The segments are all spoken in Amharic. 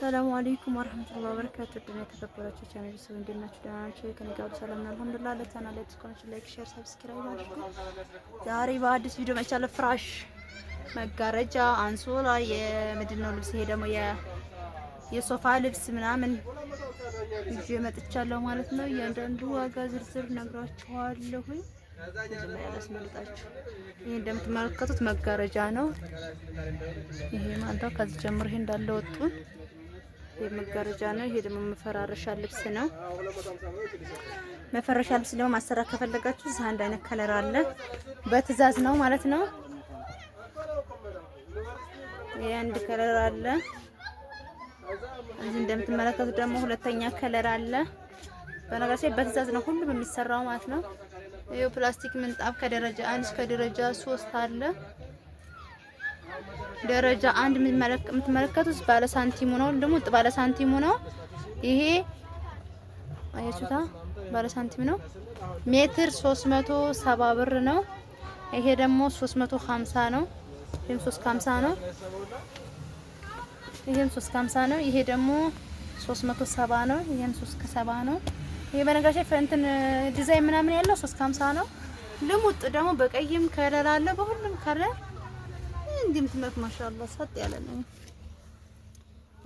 ሰላሙ አለይኩም ወራህመቱላሂ ወበረካቱ። ድና የተከበራችሁ ቻናል ሰው እንዴት ናችሁ? ደህና ናችሁ? ከኔ ጋር ሰላም ነው አልሐምዱሊላህ። ለቻናል ላይ ተስኮንች ላይክ፣ ሼር፣ ሰብስክራይብ አድርጉ። ዛሬ በአዲስ ቪዲዮ መቻለ ፍራሽ፣ መጋረጃ፣ አንሶላ የምንድን ነው ልብስ ይሄ ደግሞ የሶፋ ልብስ ምናምን ይዤ መጥቻለሁ ማለት ነው። እያንዳንዱ ዋጋ ዝርዝር ነግራችኋለሁ። ይህ እንደምትመለከቱት መጋረጃ ነው ይሄ ማለት ከዚህ ጀምሮ ይሄ እንዳለ ወጡን የመጋረጃ ነው። ይሄ ደግሞ መፈራረሻ ልብስ ነው። መፈረሻ ልብስ ደግሞ ማሰራት ከፈለጋችሁ እዚህ አንድ አይነት ከለር አለ። በትዕዛዝ ነው ማለት ነው። ይሄ አንድ ከለር አለ። እዚህ እንደምትመለከቱት ደግሞ ሁለተኛ ከለር አለ። በነገራችን በትዕዛዝ ነው ሁሉም የሚሰራው ማለት ነው። ይሄ ፕላስቲክ ምንጣፍ ከደረጃ አንድ እስከ ደረጃ ሶስት አለ። ደረጃ አንድ የምትመለከቱት ባለ ሳንቲሙ ነው። ልሙጥ ባለ ሳንቲሙ ነው። ይሄ አይሱታ ባለ ሳንቲም ነው። ሜትር 370 ብር ነው። ይሄ ደግሞ 350 ነው። ይሄም 350 ነው። ይሄም 350 ነው። ይሄ ደግሞ 370 ነው። ይሄም 370 ነው። ይሄ በነጋሽ ፈንትን ዲዛይን ምናምን ያለው 350 ነው። ልሙጥ ደግሞ በቀይም ከለር አለ በሁሉም ከለር እንደምትመት ማሻአላ ሰጥ ያለ ነው።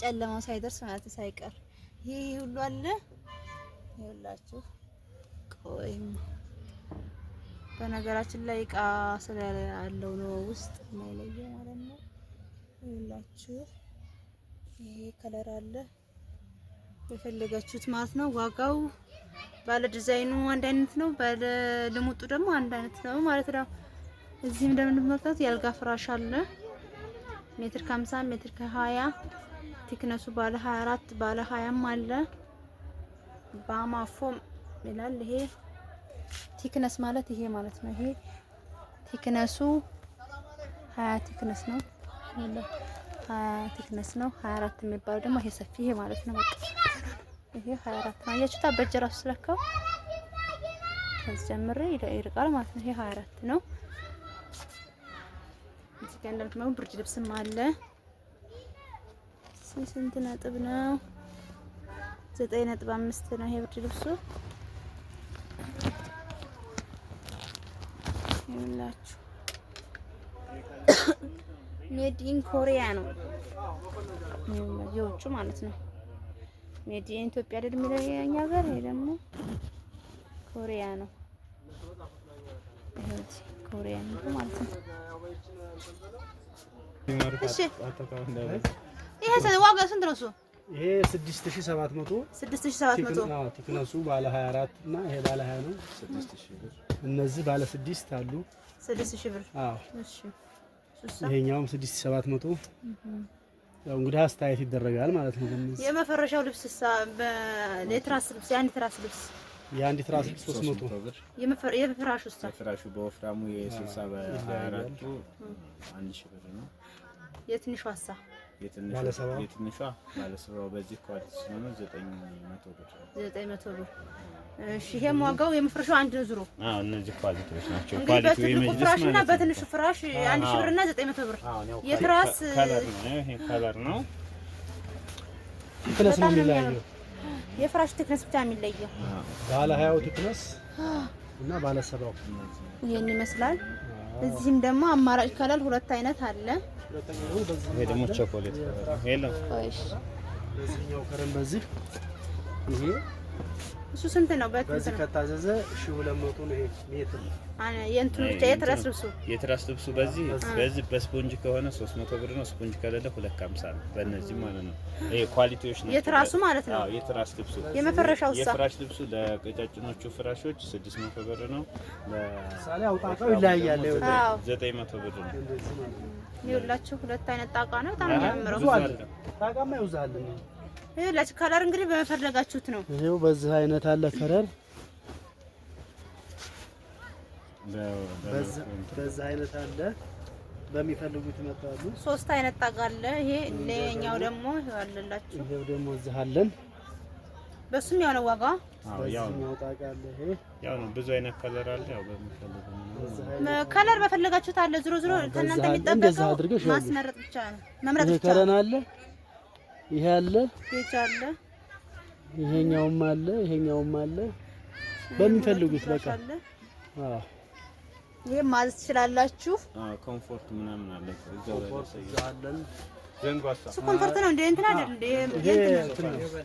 ጨለማው ሳይደርስ ማለት ሳይቀር ይሄ ሁሉ አለ። ይኸውላችሁ ቆይ በነገራችን ላይ እቃ ስላለው ነው ውስጥ የማይለየው ማለት ነው። ይኸውላችሁ ይሄ ከለር አለ የፈለጋችሁት ማለት ነው። ዋጋው ባለ ዲዛይኑ አንድ አይነት ነው፣ ባለ ልሙጡ ደግሞ አንድ አይነት ነው ማለት ነው። እዚህም እንደምንመለከት የአልጋ ፍራሽ አለ። ሜትር ከ50 ሜትር ከ20 ቲክነሱ ባለ 24 ባለ 20ም አለ። ባማፎም ይላል ይሄ ቲክነስ ማለት ይሄ ማለት ነው። ይሄ ቲክነሱ 20 ቲክነስ ነው። ሀያ ቲክነስ ነው። 24 የሚባለው ደግሞ ይሄ ሰፊ ይሄ ማለት ነው። በቃ ይሄ 24 ነው። ያችታ በእጅ ስለከው ከዚህ ጀምሬ ይርቃል ማለት ነው። ይሄ 24 ነው። እዚህ ጋር እንደምትመው ብርድ ልብስም አለ። ስንት ነጥብ ነው? ዘጠኝ ነጥብ አምስት ነው ይሄ ብርድ ልብሱ ይላችሁ ሜድ ኢን ኮሪያ ነው የውጭ ማለት ነው። ሜድ ኢን ኢትዮጵያ አይደል የሚለው የኛ ሀገር፣ ይሄ ደግሞ ኮሪያ ነው። ማክሮሪያ ማለት ነው። ይሄ ዋጋ ስንት ነው? እሱ ይሄ 6700 ቲክነሱ ባለ 24 እና ይሄ ባለ 20 ነው። እነዚህ ባለ 6 አሉ። 6000 ብር አዎ። እሺ ይሄኛውም 6700 ያው እንግዲህ አስተያየት ይደረጋል ማለት ነው። የመፈረሻው ልብስ የትራስ ልብስ የአንድ ትራስ ልብስ የአንድ ትራስ 300 ብር የፍራሹ የፍራሹ በወፍራሙ የ60 በ24 ብር ነው። የትንሿ እሳ የትንሿ በዚህ ኳሊቲ ስለሆነ 900 ብር 900 ብር። እሺ ይሄም ዋጋው የመፍረሻው አንድ ነው ዙሮ። አዎ እነዚህ ኳሊቲዎች ናቸው። ፍራሽ እና በትንሹ ፍራሽ 1000 ብር እና 900 ብር። የትራስ ነው ይሄ ነው። የፍራሽ ትክነስ ብቻ የሚለየው ባለ ሀያው ትክነስ እና ባለ ሰባው ይሄን ይመስላል። እዚህም ደግሞ አማራጭ ከለር ሁለት አይነት አለ። ይሄ ደግሞ ቸኮሌት የለም። እሺ፣ ለዚህኛው ከረም በዚህ ይሄ እሱ ስንት ነው? በዚህ ከታዘዘ 1200 ነው። ይሄ ሜትር የትራስ ልብሱ በዚህ በዚህ በስፖንጅ ከሆነ 300 ብር ነው። ስፖንጅ ከሌለ 250 ነው። በእነዚህ ማለት ነው። ይሄ ኳሊቲዎች ናቸው። የትራሱ ማለት ነው። የትራስ ልብሱ የመፈረሻው እሳ የፍራሽ ልብሱ ለቀጫጭኖቹ ፍራሾች 600 ብር ነው። ለምሳሌ አውጣጣው ይለያያል። 900 ብር ነው። ይኸውላችሁ ሁለት አይነት ጣቃ ነው። በጣም ያምረው ጣቃማ ይውዛል ይኸውላችሁ ከለር እንግዲህ በመፈለጋችሁት ነው። ይሄው በዚህ አይነት አለ ከለር፣ በዚህ አይነት አለ በሚፈልጉት ይመጣሉ። ሶስት አይነት ጣቃ አለ። ይሄ ለኛው ደግሞ አለላችሁ። ይሄው ደግሞ እዚህ አለን። በሱም ያው ነው ዋጋ ያው ነው ጣቃ አለ። ይሄ ያው ነው ብዙ አይነት ከለር አለ። ያው በሚፈልጉት ከለር በፈለጋችሁት አለ። ዝሮ ዝሮ ከእናንተ የሚጠበቀው ማስመረጥ ብቻ ነው፣ መምረጥ ብቻ ነው። ይሄ አለ አለ፣ ይሄኛውም አለ፣ ይሄኛውም አለ። በሚፈልጉት በቃ አዎ፣ ይሄም ማለት ትችላላችሁ። አዎ፣ ኮምፎርት ምናምን አለ እሱ ኮምፎርት ነው እንዴ? እንትን አይደል?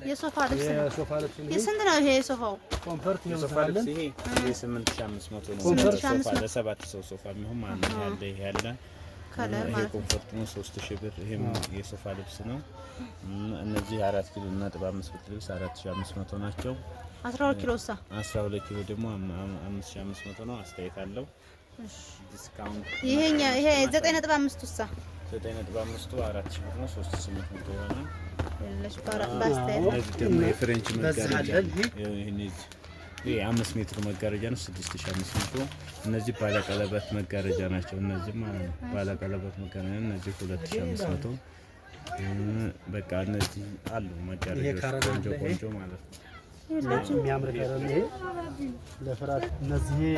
የሶፋ ልብስ ነው። የስንት ነው ይሄ ሶፋው? ኮምፎርት? ነው ሶፋ ልብስ ይሄ 8500 ነው። ኮንፈርት ሶፋ ለሰባት ሰው ሶፋ የሚሆን ማለት ነው ያለ ከለር ማለት ነው። 3000 ብር። ይሄም የሶፋ ልብስ ነው። እነዚህ 4 ኪሎ እና 45 ብር ልብስ 4500 ናቸው። 12 ኪሎ ሳ 12 ኪሎ ደግሞ 5500 ነው። አስተያየት አለው ዲስካውንት። ይሄኛ ይሄ 9.5 ሳ 95 4000 ብር ነው። 3800 ይሆናል። አምስት ሜትር መጋረጃ ነው። ስድስት ሺህ አምስት መቶ እነዚህ ባለቀለበት መጋረጃ ናቸው። እነዚህ ማለት ነው ባለቀለበት መጋረጃ እነዚህ ሁለት ሺህ አምስት መቶ በቃ እነዚህ አሉ መጋረጃ ቆንጆ ቆንጆ ማለት ነው።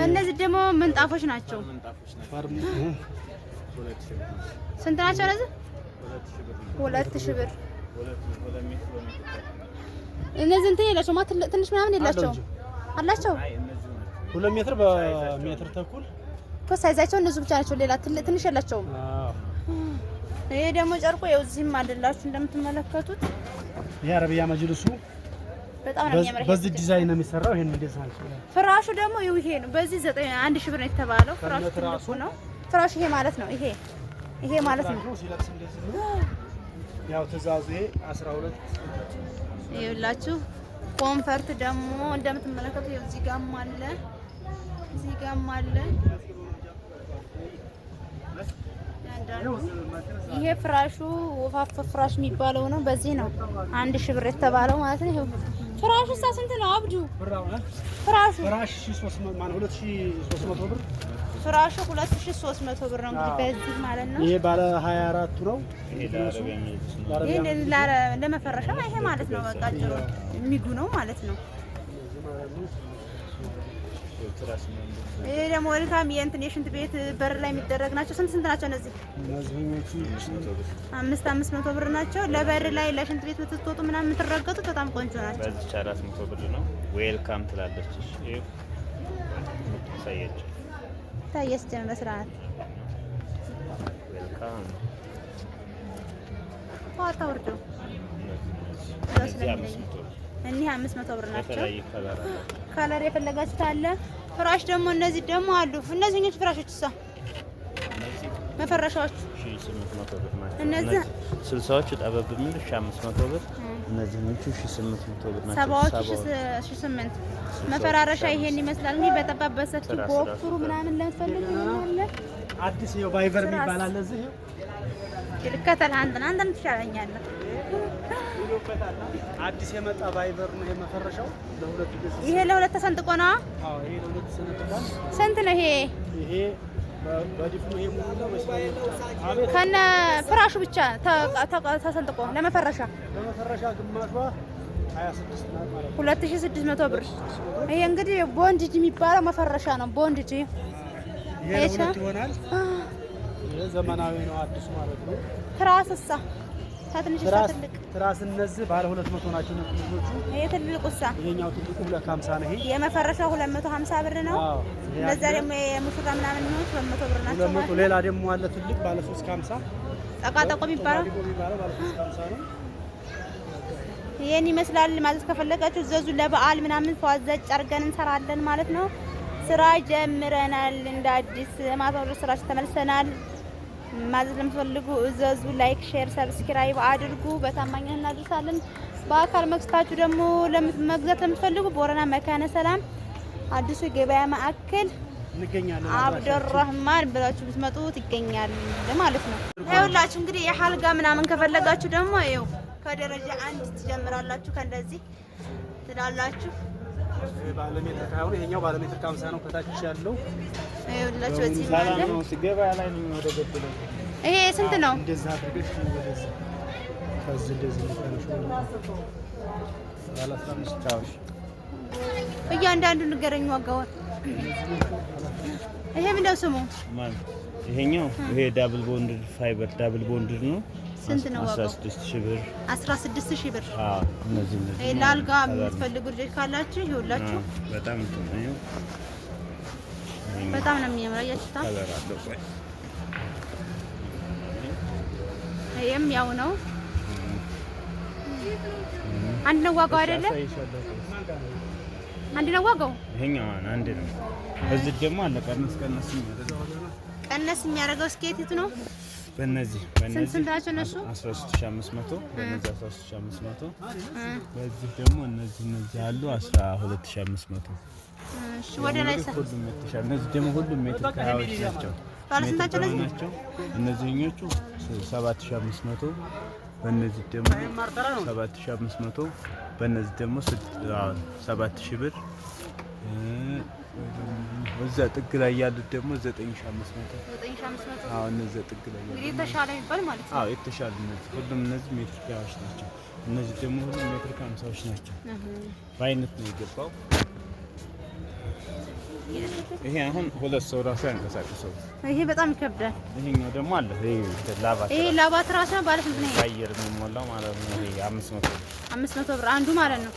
እነዚህ ደግሞ ምንጣፎች ናቸው። ስንት ናቸው እነዚህ? ሁለት ሺህ ብር እነዚህ እንትን የላቸው ትንሽ ምናምን የላቸውም? አላቸው። ሁለት ሜትር በሜትር ተኩል እኮ ሳይዛቸው እነዚህ ብቻ ናቸው። ሌላ ትንሽ የላቸውም። ይሄ ደግሞ ጨርቆ ያው እዚህም አለላችሁ እንደምትመለከቱት ይሄ አረብያ መጅልሱ በጣም ነው የሚያምረው። በዚህ ዲዛይን ነው የሚሰራው። ይሄን እንዴት ፍራሹ ደግሞ ይሄ ነው። በዚህ 9 አንድ ሺህ ብር ነው የተባለው። ፍራሹ ትልቁ ነው። ፍራሹ ይሄ ማለት ነው። ይሄ ይሄ ማለት ነው። ያው ትእዛዙ ይሄ 12 ይኸውላችሁ ኮንፈርት ደግሞ እንደምትመለከቱ እዚህ ጋም አለ፣ እዚህ ጋም አለ። ይሄ ፍራሹ ወፋፍ ፍራሽ የሚባለው ነው። በዚህ ነው አንድ ሺህ ብር የተባለው ማለት ነው። ፍራሹ ስንት ነው አብዱ? ፍራሹ ፍራሽ 300 ማን 2300 ብር ፍራሹ 2300 ብር ነው እንግዲህ በዚህ ማለት ነው። ይሄ ባለ 24 ነው። ይሄ ለመፈረሻ ይሄ ማለት ነው። በቃ ጭሩ የሚጉ ነው ማለት ነው። ይሄ ደግሞ ወልካም የእንትን የሽንት ቤት በር ላይ የሚደረግ ናቸው። ስንት ስንት ናቸው እነዚህ? አምስት አምስት መቶ ብር ናቸው። ለበር ላይ ለሽንት ቤት የምትወጡ ምናምን የምትረገጡት በጣም ቆንጆ ናቸው። በዚች አራት መቶ ብር ነው። ዌልካም ትላለች። ይሄ ታየስጀን በስርዓት ዋጣ ወርዶ እኒህ አምስት መቶ ብር ናቸው። ከለር የፈለጋችሁት አለ። ፍራሽ ደግሞ እነዚህ ደግሞ አሉ። እነዚህኞች ፍራሾች እሷ መፈረሻዎች ስልሳዎቹ ጠበብ የሚል ሺህ አምስት መቶ ብር፣ እነዚህኞቹ ሺህ ስምንት መቶ ብር ናቸው። ሰባዎቹ ሺህ ስምንት መፈራረሻ ይሄን ይመስላል። እንግዲህ በጠባብ በሰፊ በወፍሩ ምናምን ለምትፈልግ ይሆናለ አዲስ ው ቫይቨር ይባላል። እዚህ ልከተል አንተን አንተን ትሻለኛለህ። አዲስ የመጣ ቫይቨር ነው የመፈረሻው። ይሄ ለሁለት ተሰንጥቆ ነው። ስንት ነው ይሄ? ከነ ፍራሹ ብቻ ተሰንጥቆ ለመፈረሻ ለመፈረሻ ግማሿ 2600 ብር። ይሄ እንግዲህ ቦንድ የሚባለው መፈረሻ ነው። ቦንድ ይሆናል። ዘመናዊ ነው፣ አዲሱ ማለት ነው። ትራስሳ ትንሽ ትልቅ ትራስ እነዚህ ባለ 200 ናቸው። ነው ትልቆቹ። ይሄ ትልቁ እሳ ይሄኛው ትልቁ 250 ነው። ይሄ የመፈረሻው 250 ብር ነው። እነዛ ደግሞ የሙሽራ ምናምን ነው 200 ብር ናቸው። ሌላ ደግሞ አለ ትልቅ ባለ 350 ጠቃጠቆ የሚባለው ነው። ይሄን ይመስላል። ማዘዝ ከፈለጋችሁ ዘዙ። ለበዓል ምናምን ተዋዘጭ አድርገን እንሰራለን ማለት ነው። ስራ ጀምረናል። እንደ አዲስ ማታ ወደ ስራችን ተመልሰናል። ማዘዝ ለምትፈልጉ እዘዙ። ላይክ፣ ሼር፣ ሰብስክራይብ አድርጉ። በታማኝነት እናደርሳለን። በአካል መግዛታችሁ ደግሞ መግዛት ለምትፈልጉ ቦረና መካነ ሰላም አዲሱ ገበያ ማዕከል እንገኛለን። አብዱራህማን ብላችሁ ብትመጡ ትገኛል ማለት ነው። ይኸውላችሁ እንግዲህ የሀልጋ ምናምን ከፈለጋችሁ ደግሞ ይኸው ከደረጃ አንድ ትጀምራላችሁ ከእንደዚህ ትላላችሁ። ባለ ከሀያ ይሄኛው ከሀምሳ ነው። ከታች ያለው ይሄ ስንት ነው? እያንዳንዱ ንገረኝ ዋጋውን። ይሄ ምንድነው ስሙ? ይሄኛው ይሄ ዳብል ቦንድ ፋይበር ዳብል ቦንድ ነው ስንት ነው ዋጋው? 16000 ብር 16000 ብር። አዎ እነዚህ እነዚህ ለአልጋ የምትፈልጉ ልጆች ካላችሁ ይኸውላችሁ። በጣም ነው በጣም ነው የሚያምረው። ያችታ ይሄም ያው ነው አንድ ነው ዋጋው አይደለም? አንድ ነው ዋጋው። ይሄኛው አንድ ነው። እዚህ ደግሞ አለ ቀነስ ቀነስ የሚያደርገው እስከ የት ነው? በእነዚህ ስንታቸው ነሱ 13500 በእነዚህ 13500 በዚህ ደግሞ እነዚህ እነዚህ አሉ 12500። እነዚህ ደግሞ ሁሉም ሜትር ከሀያዎች ናቸው? እነዚህኞቹ 7500 በእነዚህ ደግሞ 7500 በእነዚህ ደግሞ 7000 ብር እዛ ጥግ ላይ ያሉት ደግሞ 9500 9500 አዎ፣ እነዚህ ጥግ ላይ ያሉት የተሻለ የሚባል ማለት ነው። አዎ፣ የተሻለ እነዚህ ሁሉም እነዚህ ሜትሪካዎች ናቸው። እነዚህ ደግሞ ሁሉም ሜትር ሃምሳዎች ናቸው። በአይነት ነው የገባው። ይሄ አሁን ሁለት ሰው ራሱ ያንቀሳቀሰው ይሄ በጣም ይከብዳል። ይሄኛው ደግሞ አለ። ይሄ ላባ ይሄ ላባ ራሱ ነው ባለ ስንት ነው? በአየር የሚሞላው ማለት ነው። ይሄ 500 አምስት መቶ ብር አንዱ ማለት ነው።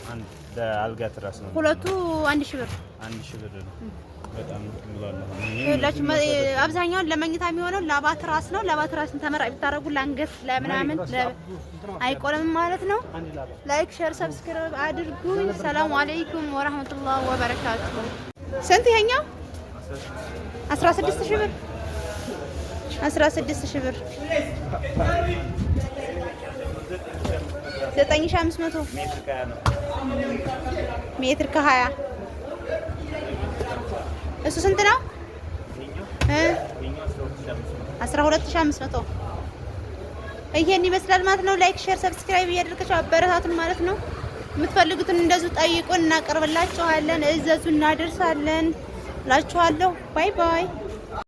አልጋ ትራስ ነው። ሁለቱ አንድ ሺህ ብር አንድ ሺህ ብር ነው። በጣም አብዛኛውን ለመኝታ የሚሆነው ላባ ራስ ነው። ላባ ራስን ተመራጭ ብታደርጉ ለአንገት ለምናምን አይቆልም ማለት ነው። ላይክ፣ ሼር፣ ሰብስክራይብ አድርጉ። ሰላም አለይኩም ወራህመቱላሂ ወበረካቱ። ስንት ይሄኛው? አስራ ሺህ ብር አስራ ሺህ ብር ዘጠኝ ሺህ አምስት መቶ ሜትር ከሀያ እሱ ስንት ነው? አስራ ሁለት ሺህ አምስት መቶ ይሄን ይመስላል ማለት ነው። ላይክ፣ ሼር፣ ሰብስክራይብ እያደረጋችሁ አበረታቱን ማለት ነው። የምትፈልጉትን እንደዚሁ ጠይቁን፣ እናቀርብላችኋለን። እዘዙ፣ እናደርሳለን እላችኋለሁ። ባይ ባይ